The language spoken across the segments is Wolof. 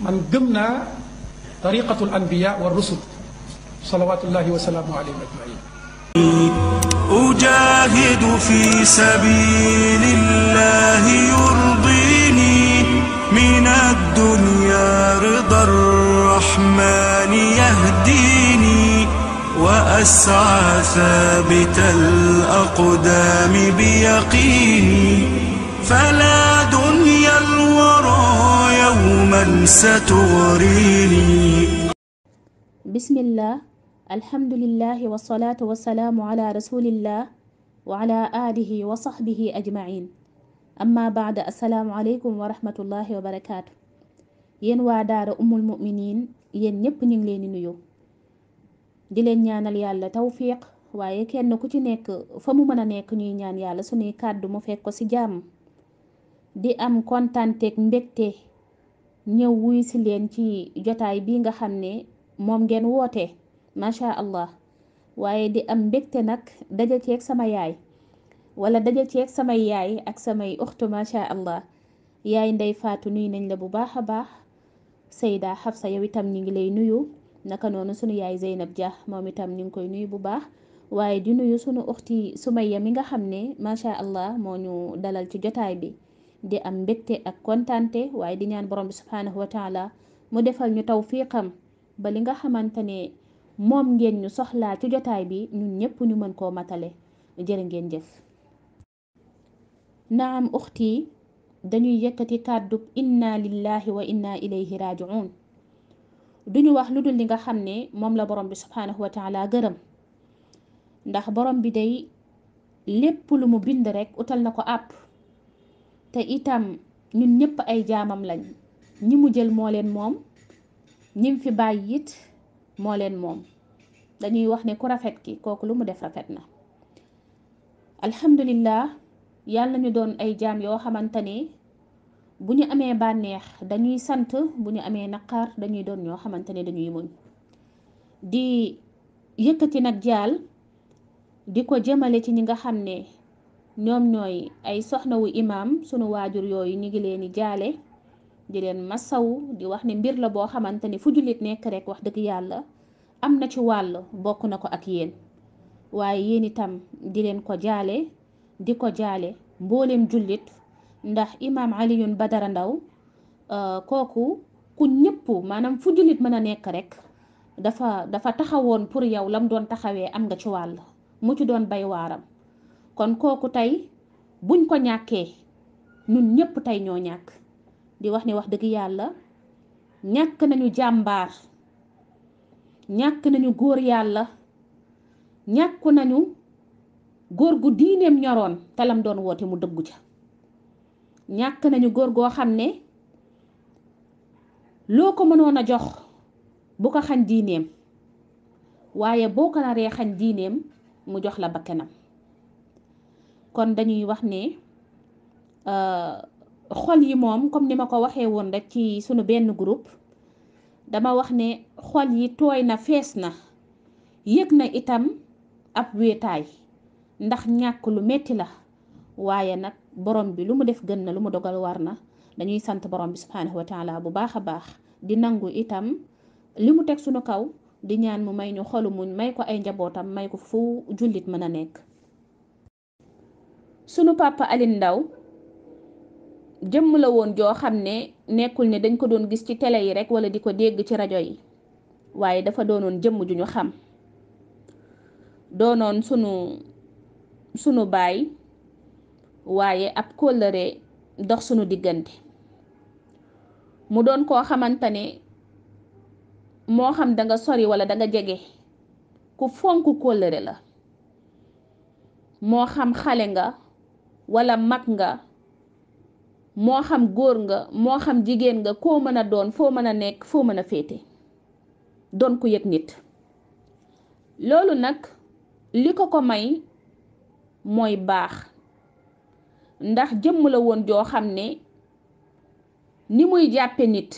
man gëm naa tariqatul anbiya wa rusul salawatullahi wa salaamu alayhim ajmain أجاهد في سبيل الله يرضيني من الدنيا رضا الرحمن يهديني وأسعى ثابت الأقدام بيقيني فلا دنيا دوما ستغريني بسم الله الحمد لله والصلاة والسلام على رسول الله وعلى آله وصحبه أجمعين أما بعد السلام عليكم ورحمة الله وبركاته yéen waa daara umul muminin yéen ñépp ñu ngi leen di nuyu di leen ñaanal yàlla tawfiq waaye kenn ku ci nekk fa mu mën a nekk ñuy ñaan yàlla suñuy kàddu mu fekk ko ci jàmm di am kontaanteeg mbégte ñëw wuy si leen ci jotaay bi nga xam ne moom ngeen woote macha allah waaye di am mbégte nag daja ceeg sama yaay wala daja ceeg samay yaay ak samay uxtu macha allah yaay ndey faatu nuy nañ la bu baax a baax Seyda Xafsa yow itam ñu ngi lay nuyu naka noonu sunu yaay Zeynab Dia moom itam ñu ngi koy nuyu bu baax waaye di nuyu sunu uxti Sumayya mi nga xam ne macha allah moo ñu dalal ci jotaay bi. di am mbégte ak kontante waaye di ñaan borom bi subhaanahu wa taala mu defal ñu tawfiqam ba li nga xamante ne moom ngeen ñu soxlaa ci jotaay bi ñun ñëpp ñu mën koo matale jërë ngeen jëf naam uxti dañuy yëkkati kàddub inna lillahi wa inna ilayhi rajiun duñu wax lu du li nga xam ne moom la borom bi subhaanahu wa taala gërëm ndax borom bi day lépp lu mu bind rekk utal na ko àpp te itam ñun ñëpp ay jaamam lañ ñi mu jël moo leen moom ñim fi bàyyi it moo leen moom dañuy wax ne ku rafet ki kooku lu mu def rafet na alhamdulillah yàlla ñu doon ay jaam yoo xamante ne bu ñu amee bànneex dañuy sant bu ñu amee naqar dañuy doon ñoo xamante ne dañuy muñ di yëkkati nag jaal di ko jëmale ci ñi nga xam ne ñoom ñooy ay soxnawu imaam sunu waajur yooyu ñu ngi leen di jaale di leen masawu di wax ne mbir la boo xamante ni fu jullit nekk rek wax dëgg yàlla am na ci wàll bokk na ko ak yéen waaye yéen itam di leen ko jaale di ko jaale mboolem jullit ndax imaam Alioune Badara Ndao euh, kooku ku ñëpp maanaam fu jullit mën a nekk rek dafa dafa taxawoon pour yow lam doon taxawee am nga ci wàll mu ci doon bay waaram kon kooku tey buñ ko ñàkkee ñun ñëpp tey ñoo ñàkk di wax ne wax dëgg yàlla ñàkk nañu jàmbar ñàkk nañu góor yàlla ñàkku nañu góor gu diineem ñoroon talam doon woote mu dëggu ca ñàkk nañu góor goo xam ne loo ko mënoon a jox bu ko xañ diineem waaye boo ko naree xañ diineem mu jox la bakkanam kon dañuy wax ne euh, xol yi moom comme ni ma ko waxee woon rek ci suñu benn groupe dama wax ne xol yi tooy na fees na yëg na itam ab wéetaay ndax ñàkk lu metti la waaye nag borom bi lu mu def gën na lu mu dogal war na dañuy sant borom bi subhaanahu wa bu baax a baax di nangu itam li mu teg sunu kaw di ñaan mu may ñu xolu muñ may ko ay njabootam may ko fu jullit mën a nekk sunu papa Alioune ndaw jëmm la woon joo xam ne nekkul ne dañ ko doon gis ci télé yi rekk wala di ko dégg ci rajo yi waaye dafa doonoon jëmm ju ñu xam doonoon sunu sunu baay waaye ab kóllëre dox sunu diggante mu doon koo xamante ne moo xam da nga sori wala da jege ku fonk kóllëre la moo xam xale nga walla mag nga moo xam góor nga moo xam jigéen nga koo mën a doon foo mën a nekk foo mën a féete doon ku yëg nit loolu nag li ko ko may mooy baax ndax jëmm la woon joo xam ne ni muy jàppe nit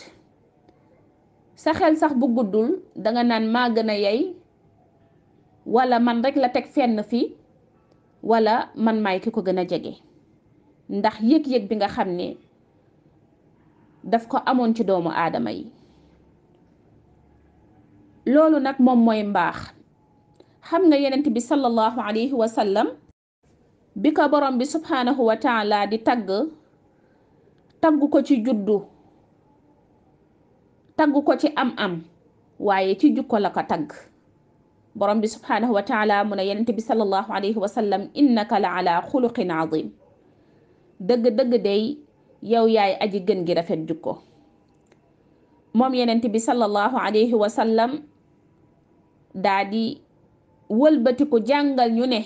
sa xel sax bu guddul danga naan maa gën a yey wala man rekk la teg fenn fi wala man may ki ko gën a jege ndax yëg-yëg bi nga xam ne daf ko amoon ci doomu aadama yi loolu nag moom mooy mbaax xam nga yenent bi sallallahu alayhi wa sallam bi ko borom bi subhaanahu wa taala di tagg taggu ko ci juddu taggu ko ci am-am waaye ci jukko la ko tagg borom bi subhaanahu wa taala mu ne bi sallallahu alayhi wa sallam innaka la ala xuluqin azim dëgg-dëgg day yow yaay aji gën gi rafet jukko moom yenent bi sallallahu alayhi wa sallam daa di wëlbatiku jàngal ñu ne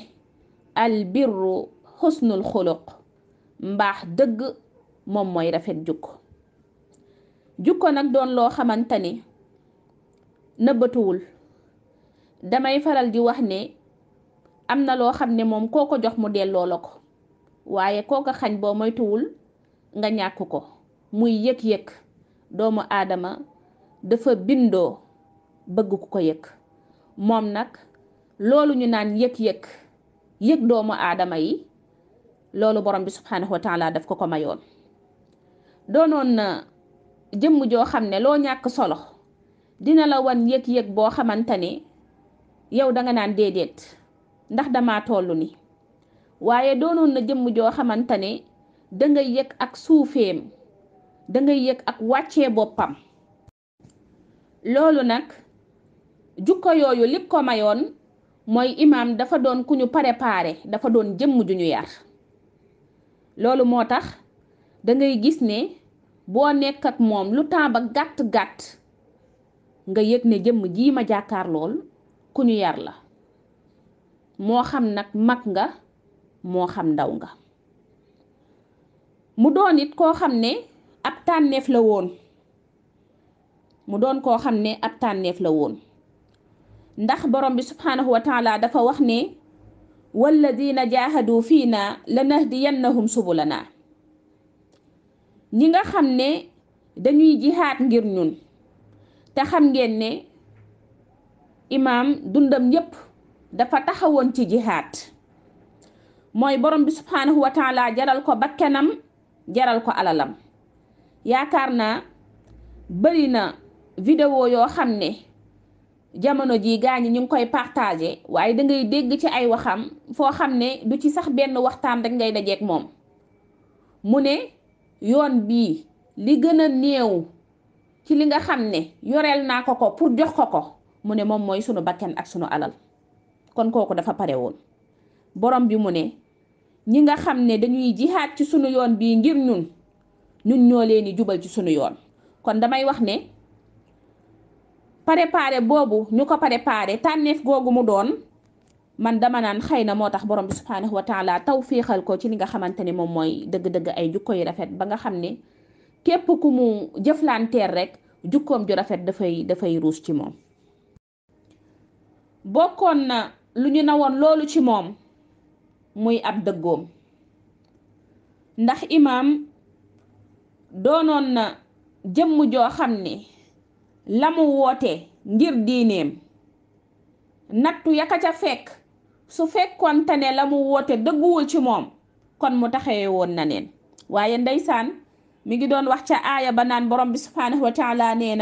albirru xusnul xuluq mbaax dëgg moom mooy rafet jukko jukko nag doon loo xamante ni nëbbatuwul damay faral di wax ne am na loo xam ne moom koo ko jox mu delloo la ko waaye koo ko xañ boo moytuwul nga ñàkk ko muy yëg-yëg doomu aadama dafa bindoo bëgg ko yëg moom nag loolu ñu naan yëg-yëg yëg doomu aadama yi loolu borom bi subhaanahu wa taala daf ko ko mayoon doonoon na jëmm joo xam ne loo ñàkk solo dina la won yëg-yëg boo xamante ne yow danga naan déedéet ndax dama toll ni waaye doonoon na jëmm joo xamante ne danga yëg ak suufeem danga yëg ak wàccee boppam loolu nag jukko yooyu lépp ko mayoon mooy imaam dafa doon ku ñu pare préparé dafa doon jëmm ju ñu yar loolu moo tax dangay gis ne boo nekk ak moom lu temps gàtt gàtt nga yëg ne jëmm jii ma jàkkaar lool ku ñu yar la moo xam nag mag nga moo xam ndaw nga mu doon it koo xam ne ab tànneef la woon mu doon koo xam ne ab tànneef la woon ndax borom bi subhaanahu wa dafa wax ne diina jaaxadoo fii naa lanahdiyannahum subulana ñi nga xam ne dañuy jihaat ngir ñun te xam ngeen ne imaam dundam yépp dafa taxawoon ci jihaat mooy borom bi subhaanahu wa jaral ko bakkenam jaral ko alalam yaakaar naa bëri na vidéo yoo xam ne jamono ji gaa ñi ñu ngi koy partage waaye dangay dégg ci ay waxam foo xam ne du ci sax benn waxtaan rekk ngay dajeeg moom mu ne yoon bii li gën a néew ci li nga xam ne yoreel naa ko ko pour jox ko ko mu ne moom mooy sunu bakkan ak sunu alal kon kooku dafa pare woon borom bi mu ne ñi nga xam ne dañuy jihaat ci sunu yoon bii ngir ñun ñun ñoo leen di jubal ci sunu yoon kon damay wax ne préparé boobu ñu ko pare préparé tànneef googu mu doon man dama naan xëy na moo tax borom bi subhaanahu wa taw féexal ko ci li nga xamante ne moom mooy dëgg-dëgg ay jukko yu rafet ba nga xam ne képp ku mu jëflanteer rek jukkoom ju rafet dafay dafay ruus ci moom bokkoon na lu ñu nawoon loolu ci moom muy ab dëggoom ndax imaam doonoon na jëmm joo xam ni la mu woote ngir diineem nattu yaka ca fekk su fekkoonte ne la mu woote dëgguwul ci moom kon mu taxawee woon na neen waaye ndeysaan mi ngi doon wax ca aaya ba naan borom bi subhaanahu wa taala nee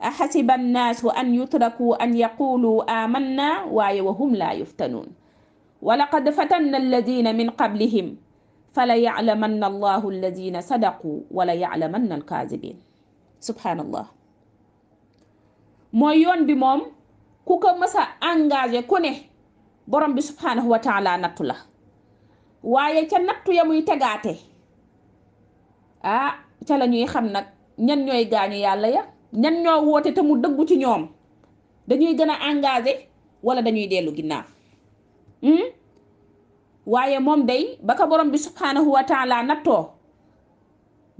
axasiba annaasu an yutraku an yaqulu amanna waaye wa hum laa yuftanuun wa laqad fatanna alladina min qablihim fala yaclamanna allahu alladina wala yaclamanna alkaazibin subhaanallah mooy yoon bi moom ku ko mës a engagé ku ne borom bi subhaanahu wa taala nattu la waaye ca nattu ya muy tegaate ah ca la ñuy xam nag ñan ñooy gaañu yàlla ya ñan woote te mu dëggu ci ñoom dañuy gën a engagé wala dañuy dellu ginnaaw hmm? waaye moom day ba borom bi subhanahu wa taala nattoo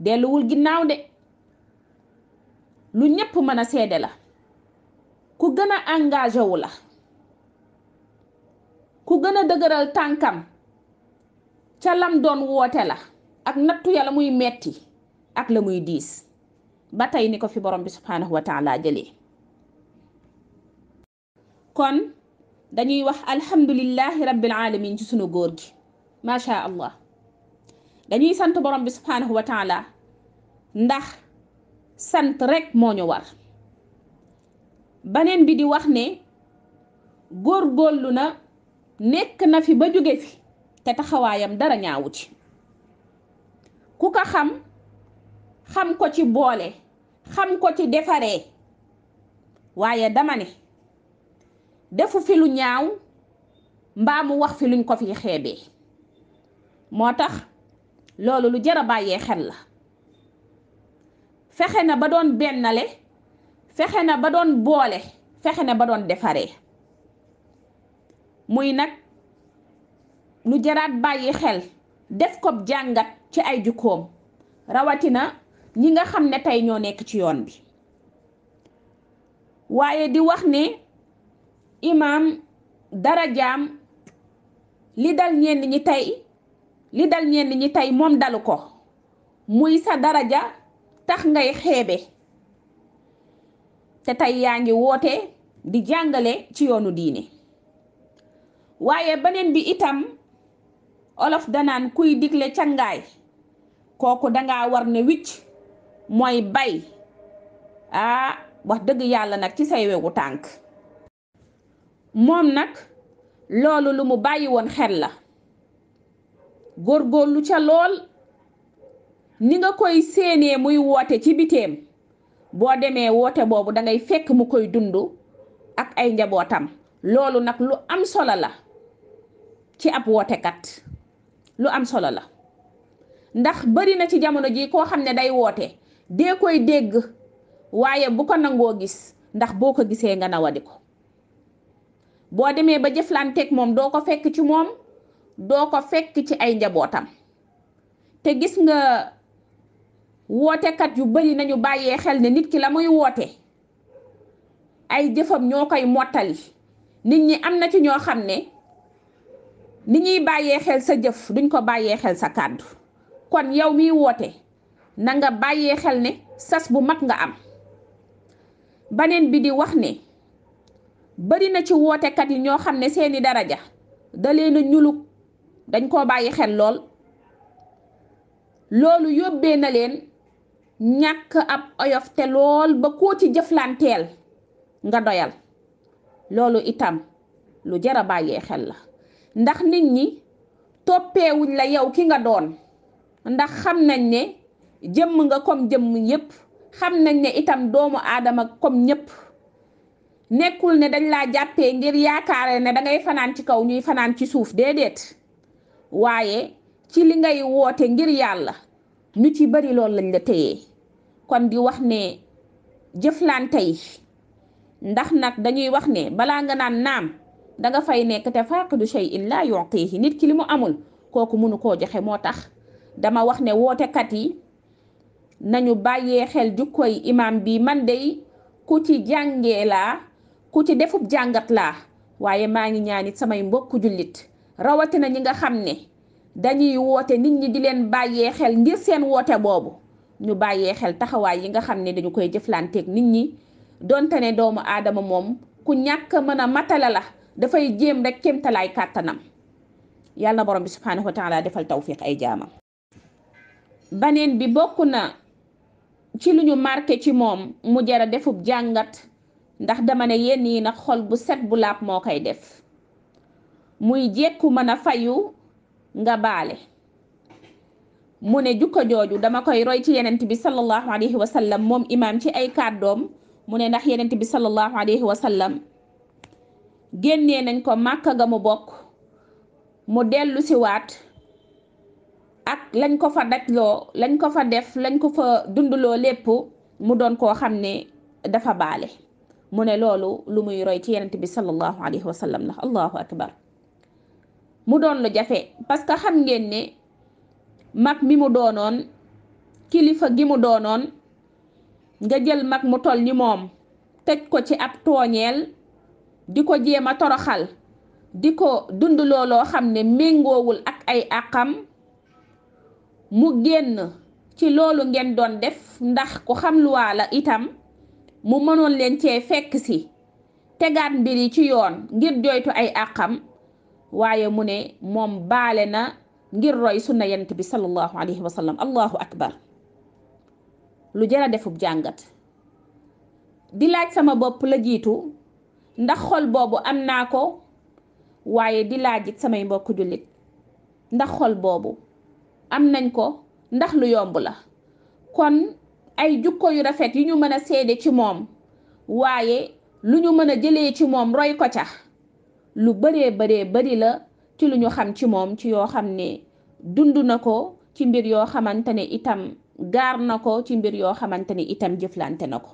delluwul ginnaaw de lu ñépp mën a seede la ku gën a engagé wu la ku gën a dëgëral tànkam ca lam doon woote la ak nattu ya la muy metti ak la muy diis ba tey ni ko fi borom bi subhaanahu wa kon dañuy wax alhamdulillahi rabbil alamin ci sunu góor gi macha allah dañuy sant borom bi subhaanahu ndax sant rekk moo ñu war baneen bi di wax ne góorgóorlu na nekk na fi ba jóge fi te taxawaayam dara ñaawu ci ku ko xam xam ko ci boole xam ko ci defaree waaye dama ne defu fi lu ñaaw mbaa mu wax fi luñ ko fi xeebee moo tax loolu lu jar a bàyyee xel la fexe na ba doon bennale fexe na ba doon boole fexe na ba doon defaree muy nag lu jaraat bàyyi xel def ko jàngat ci ay jukkoom rawatina ñi nga xam ne tey ñoo nekk ci yoon bi waaye di wax ne imaam darajaam li dal ñenn ñi tey li dal ñi tey moom dalu ko muy sa daraja tax ngay xeebe te tey yaa ngi woote di jàngale ci yoonu diine waaye beneen bi itam olof danaan kuy digle cangaay kooku danga war ne wicc mooy bay ah wax dëgg yàlla nag ci say wegu tànk moom nag loolu lu mu bàyyi woon xel la góorgóorlu ca lool ni nga koy séenee muy woote ci biteem boo demee woote boobu da ngay fekk mu koy dund ak ay njabootam loolu nag lu am solo la ci ab wootekat lu am solo la ndax bari na ci jamono ji koo xam ne day woote dee koy dégg waaye bu ko nangoo gis ndax boo ko gisee nga nawadi ko boo demee ba jëflanteeg moom doo ko fekk ci moom doo ko fekk ci ay njabootam te gis nga wootekat yu bari nañu bàyyee xel ne nit ki la muy woote ay jëfam ñoo koy mottali nit ñi am na ci ñoo xam ne ni ñuy bàyyee xel sa jëf duñ ko bàyyee xel sa kàddu kon yow miy woote na nga bàyyee xel ne sas bu mag nga am baneen bi di wax ne bari na ci wootekat yi ñoo xam ne seeni daraja da leen a dañ koo bàyyi xel lool loolu yóbbee na leen ñàkk ab oyof te lool ba koo ci jëflanteel nga doyal loolu itam lu jar a bàyyee xel la ndax nit ñi toppewuñ la yow ki nga doon ndax xam nañ ne jëmm nga comme jëmm yépp xam nañ ne itam doomu aadama comme ñépp nekkul ne dañ laa jàppee ngir yaakaare ne dangay fanaan ci kaw ñuy fanaan ci suuf dee déedéet waaye ci li ngay woote ngir yàlla ñu ci bari lool lañ la téyee kon di wax ne jëflante yi ndax nag dañuy wax ne balaa nga naan naam danga fay nekk te sey shay'in laa yu'tihi nit ki li mu amul kooku mënu koo joxe moo tax dama wax ne wootekat yi nañu bàyyee xel jukkooy imaam bi man dey ku ci jànge laa ku ci defub jàngat laa waaye maa ngi ñaanit samay mbokku jullit rawatina ñi nga xam ne dañuy woote nit ñi di leen bàyyee xel ngir seen woote boobu ñu bàyyee xel taxawaay yi nga xam ne dañu koy jëflanteeg nit ñi donte ne doomu aadama moom ku ñàkk mën a matala la dafay jéem rek kéemtalaay kàttanam yàlla na borom bi subhaanahu wa taala defal tawfiq ay jaamam ci lu ñu marqué ci moom mu jara defub jàngat ndax dama ne yenn yi nag xol bu set bu laab moo koy def muy jekku mën a fayu nga baale mu ne jukka jooju dama koy roy ci yenent bi sallallahu alayhi wa moom imaam ci ay kàddoom mu ne ndax yenent bi sallallahu alayhi wa sallam génnee nañ ko màkka ga mu bokk mu dellu siwaat ak lañ ko fa dajloo lañ ko fa def lañ ko fa dundloo lépp mu doon koo xam ne dafa baale mu ne loolu lu muy roy ci yenent bi sallallahu alayhi mu doon lu jafe parce que xam ngeen ne mag mi mu doonoon kilifa gi mu doonoon nga jël mag mu toll ni moom tëj ko ci ab tooñeel di ko jéem a toroxal di ko dund loo xam ne méngoowul ak ay àqam mu génn ci loolu ngeen doon def ndax ku xam luwaa la itam mu mënoon leen cee fekk si tegaat mbir yi ci yoon ngir joytu ay àqam waaye mu ne moom baale na ngir roy sunna yent bi sallallahu alayhi wa sallam akbar lu jar a defub jàngat di laaj sama bopp la jiitu ndax xol boobu am naa ko waaye di samay mbokk jullit ndax xol boobu am nañ ko ndax lu yomb la kon ay jukko yu rafet yu ñu mën a seede ci moom waaye lu ñu mën a jëlee ci moom roy ko ca lu bëree bëree bëri la ci lu ñu xam ci moom ci yoo xam ne dund na ko ci mbir yoo xamante ne itam gaar na ko ci mbir yoo xamante ne itam jëflante na ko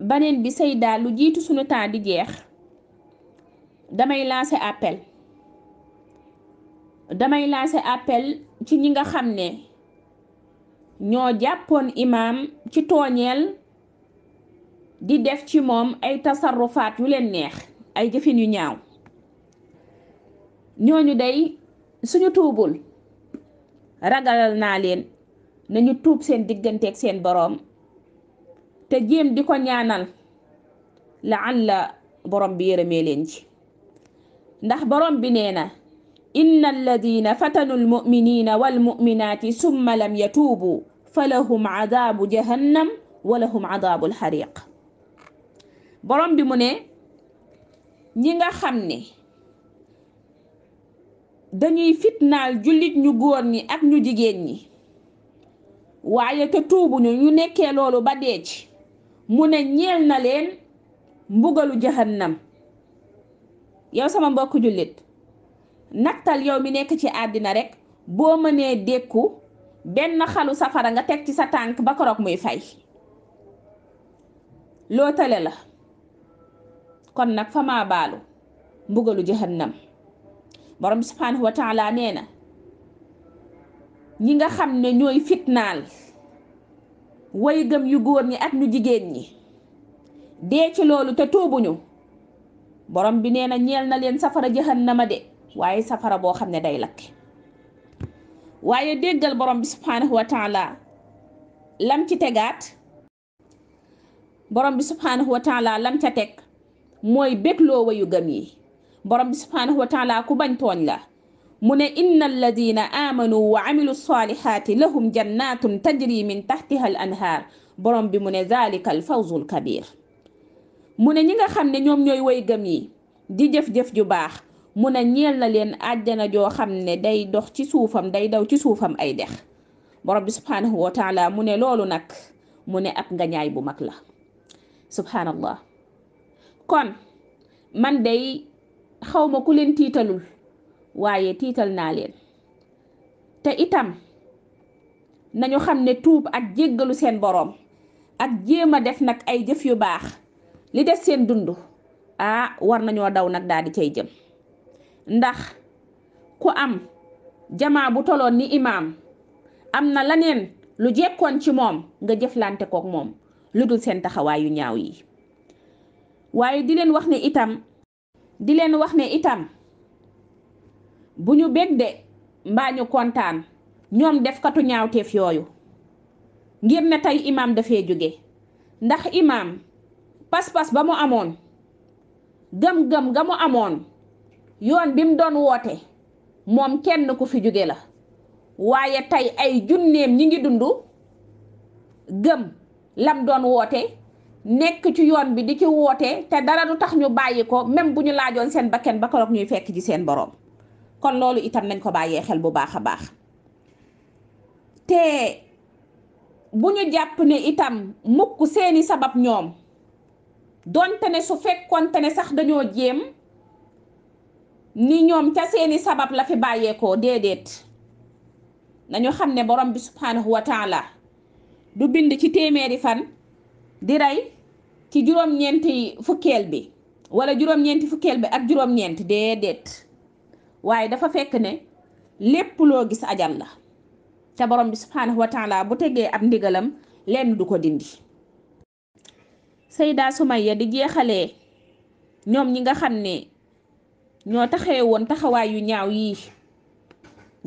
baneen bi Seyda lu jiitu sunu temps di jeex damay lancer appel damay lancé appel ci ñi nga xam ne ñoo jàppoon imaam ci tooñeel di def ci moom ay tasarrufaat yu leen neex ay jëfin yu ñaaw ñooñu day suñu tuubul ragalal naa leen nañu tuub seen digganteek seen boroom te jéem di ko ñaanal la an la boroom bi yërëmee leen ci ndax boroom bi nee na inna alladina fatanu almuminina walmuminati summa lam yatuubu fa lahum adabu jahannam wa lahum adabu alxariq borom bi mu ne ñi nga xam ne dañuy fitnaal jullit ñu góor ñi ak ñu jigéen ñi waaye te tuubuñu ñu nekkee loolu ba dee mu ne ñeel na leen mbugalu jahannam yow sama mbokk jullit nattal yow mi nekk ci àddina rekk boo mënee dékku benn xalu safara nga teg ci sa tànk ba koroog muy fay loo tale la kon nag fa maa baalu mbugalu jahannam borom bi subhaanahu wa nee na ñi nga xam ne ñooy fitnaal way gëm yu góor ñi ak ñu jigéen ñi dee ci loolu te tuubuñu borom bi nee na ñeel na leen safara jahannama de waaye safara boo xam ne day lakk waaye déggal borom subhaanahu wa taala lam ci tegaat borom bi subhaanahu lam ca teg mooy bégloo wayu gëm yi borom bi subhaanahu wa ku bañ tooñ la mu ne inna alladina amanu wa amilu salihaati lahum jannatun tajri min tahtiha al anhaar borom bi mu ne zalika al fawzul mu ne ñi nga xam ne ñoom ñooy way gam yi di jëf-jëf ju baax mu ne ñeel na leen àjjana joo xam ne day dox ci suufam day daw ci suufam ay dex borom bi subhaanahu wa taala mu ne loolu nag mu ne ab ngañaay bu mag la subhaanallah kon man dey xawma ku leen tiitalul waaye tiital naa leen te itam nañu xam ne tuub ak jéggalu seen boroom ak jéem a def nag ay jëf yu baax li def seen dund ah war nañoo daw nag daal di cay jëm ndax ku am jama bu toloon ni imaam am na laneen lu jekkoon ci moom nga jëflante kook moom lu dul seen taxawaayu ñaaw yi waaye di leen wax ne itam di leen wax ne itam bu ñu bég de mbaa ñu kontaan ñoom defkatu ñaawteef yooyu ngir ne tey imaam dafee jóge ndax imaam pas-pas ba mu amoon gëm-gëm ga mu amoon yoon bi mu doon woote moom kenn ku fi jóge la waaye tey ay junneem ñi ngi dund gëm lam doon woote nekk ci yoon bi di ci woote te dara du tax ñu bàyyi ko même bu ñu laajoon seen bakken ba keroog ñuy fekk ci seen boroom kon loolu itam nañ ko bàyyee xel bu baax a baax te bu ñu jàpp ne itam mukk seeni sabab ñoom doonte ne su fekkoonte ne sax dañoo jéem ni ñoom ca seeni sabab la fi bàyyeekoo déedéet nañu xam ne borom bi subhanahu wa du bind ci téeméeri fan di rey ci juróom-ñeenti fukkeel bi wala juróom-ñeenti fukkeel bi ak juróom-ñeent déedéet waaye dafa fekk ne lépp loo gis ajal la te borom bi subhanahu bu tegee ab ndigalam lenn du ko dindi Sayda Sumayya di jeexalee ñoom ñi nga xam ne ñoo taxee woon taxawaay yu ñaaw yii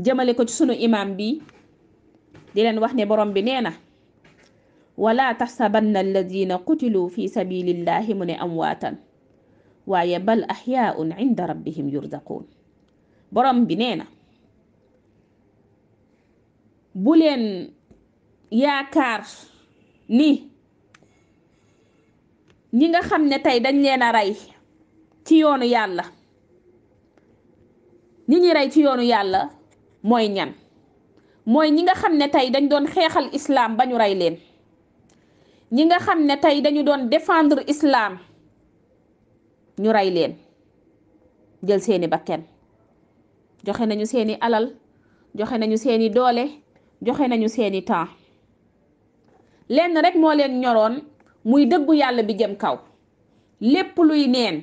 jëmale ko ci sunu imaam bi di leen wax ne borom bi nee na wala taxsabanna alladina qutilu fi sabilillahi mu ne amwaatan waaye bal axyaaun inda rabbihim yurzaquun borom bi nee na bu leen yaakaar ni ñi nga xam ne tey dañ leen a ray ci yoonu yàlla ñi ñuy rey ci yoonu yàlla mooy ñan mooy ñi nga xam ne tey dañ doon xeexal islaam ba ñu rey leen ñi nga xam ne tey dañu doon défendre islaam ñu rey leen jël seeni ba bakken joxe nañu seeni alal joxe nañu seeni doole joxe nañu seeni temps lenn rek moo leen ñoroon muy dëggu yàlla bi jëm kaw lépp luy neen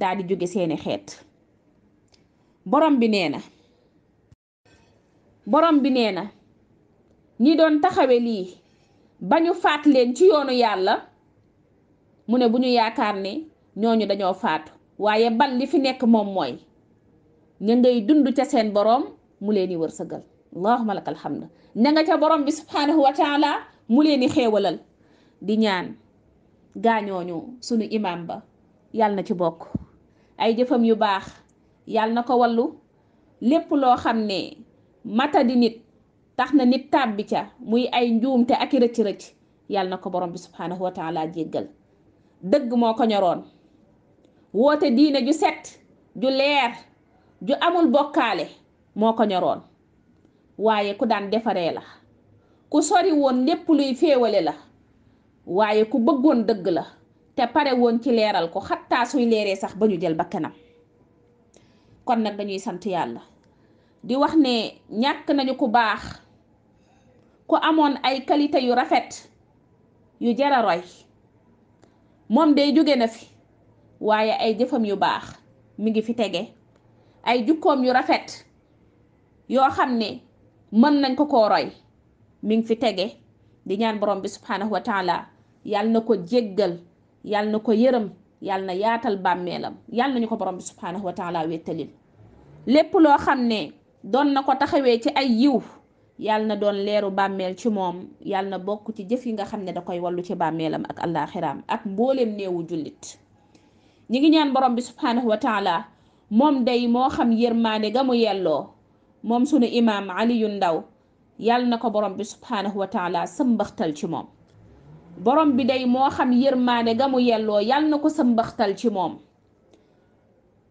daal di jóge seeni xeet borom bi nee na borom bi nee na ñi doon taxawe lii ba ñu faat leen ci yoonu yàlla mu ne bu ñu yaakaar ne ñooñu dañoo faatu waaye bal li fi nekk moom mooy ña ngay dund ca seen borom mu leen di wërsëgal allahumma lakal hamd ña nga ca borom bi subhanahu wa taala mu leen di xéewalal di ñaan gaañooñu sunu imam ba yàlla na ci bokk ay jëfam yu baax yàlla na ko wallu lépp loo xam ne matadi nit tax na nit tàbbi ca muy ay njuumte ak i rëcc-rëcc yàlla na ko borom bi subhaanahu wa taala jéggal dëgg moo ko ñoroon woote diine ju set ju leer ju amul bokkaale moo ko ñoroon waaye ku daan defaree la ku sori woon lépp luy féewale la waaye ku bëggoon dëgg la te pare woon ci leeral ko xattaa suy leeree sax ba ñu jël bakkanam kon nag dañuy sant yàlla di wax ne ñàkk nañu ku baax ku amoon ay qualité yu rafet yu jara roy moom day jóge na fi waaye ay jëfam yu baax mi ngi fi tege ay jukkoom yu rafet yoo xam ne mën nañ ko koo roy mu ngi fi tege di ñaan borom bi subhanahu wa taala yàlla na ko jéggal yàlla na ko yërëm yàlla na yaatal bàmmeelam yàlla nañu ko borom bi subhanahu wa taala wéttalil lépp loo xam ne doon na ko taxawee ci ay yiw yàlla na doon leeru bàmmeel ci moom yàlla na bokk ci jëf yi nga xam ne da koy wallu ci bàmmeelam ak àllaaxiraam ak mbooleem néewu jullit ñi ngi ñaan borom bi subhaanahu wa taala moom day moo xam yërmaande ga mu yelloo moom sunu imaam Aliyu Ndaw yàlla na ko borom bi subhaanahu wa taala sëmbaxtal ci moom bi day moo xam yërmaande ga mu yelloo yàlla na ko sëmbaxtal ci moom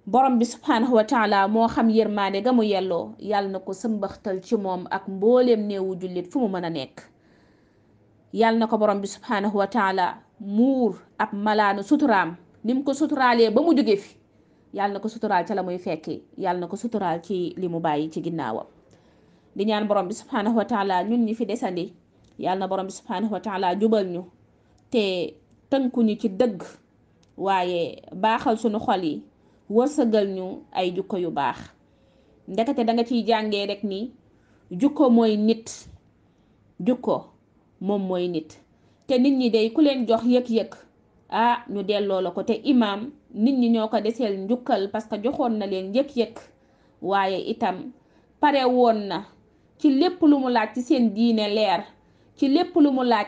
borom bi subhaanahu wa taala moo xam yërmaande ga mu yelloo yàlla na ko sëmbaxtal ci moom ak mbooleem néewu jullit fu mu mën a nekk yàlla na ko borom bi subhaanahu wa taala muur ak malaanu suturaam ni mu ko suturaalee ba mu jóge fi yàlla na ko suturaal ca la muy fekki yàlla na ko suturaal ci li mu bàyyi ci ginnaawam di ñaan borom bi subhaanahu wa taala ñun ñi fi desandi yàlla na borom bi subhaanahu wa taala jubal ñu te tënkuñu ci dëgg waaye baaxal sunu xol yi wërsëgal ñu ay jukko yu baax ndekete danga ciy jànge rek ni jukko mooy nit jukko moom mooy nit te nit ñi day ku leen jox yëg-yëg ah ñu delloo la ko te imaam nit ñi ñoo ko deseel njukkal parce que joxoon na leen yëg-yëg waaye itam pare woon na ci lépp lu mu laaj ci seen diine leer ci lépp lu mu laaj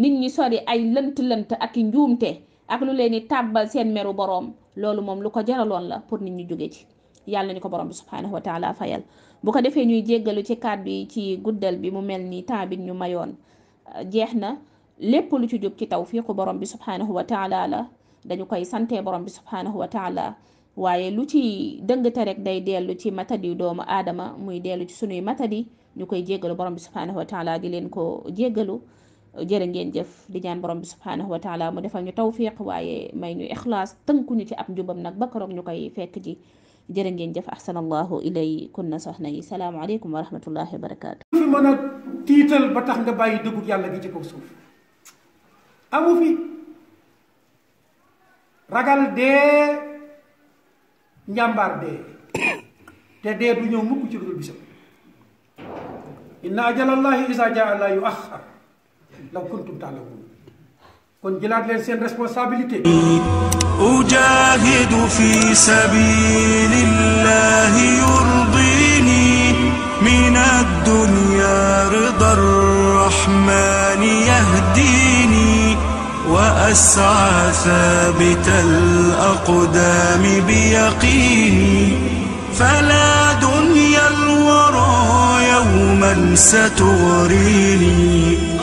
nit ñi sori ay lënt-lënt ak i njuumte ak lu leen tàbbal seen meru boroom loolu moom lu ko jaraloon la pour nit ñu jógee ci yàlla ñu ko borom bi subhanahu wa taala fayal bu ko defee ñuy jéggalu ci kàddu bi ci guddal bi mu mel ni temps bi ñu mayoon jeex na lépp lu ci jub ci tawfiiqu borom bi subhanahu wa taala la dañu koy santee borom bi subhanahu wa waaye lu ci dëngte rek day dellu ci matadi doomu aadama muy dellu ci sunuy matadi ñu koy jéggalu borom bi subhanahu wa taala di leen ko jéggalu jërë ngeen jëf di ñaan borom bi subhaanahu wa taala mu defal ñu tawfiq waaye may ñu ixlaas tënku ñu ci ab njubam nag ba keroog ñu koy fekk ji jërë ngeen jëf ahsanallahu ilaykunna soxna yi salaamaaleykum wa wa barakaatu fi ba tax nga bàyyi dëggub yàlla gi ci kaw suuf amu fi ragal dee njàmbaar dee te dee du ñëw mukk ci dul bisam inna ajalallahi isa jaa la yu law kuntum taalamun kon jëlaat leen seen responsabilité ujahidu fi sabilillahi yurdini min addunya rida arrahmani yahdini wa as'a thabita alaqdami biyaqini fala dunya alwara yawman satughrini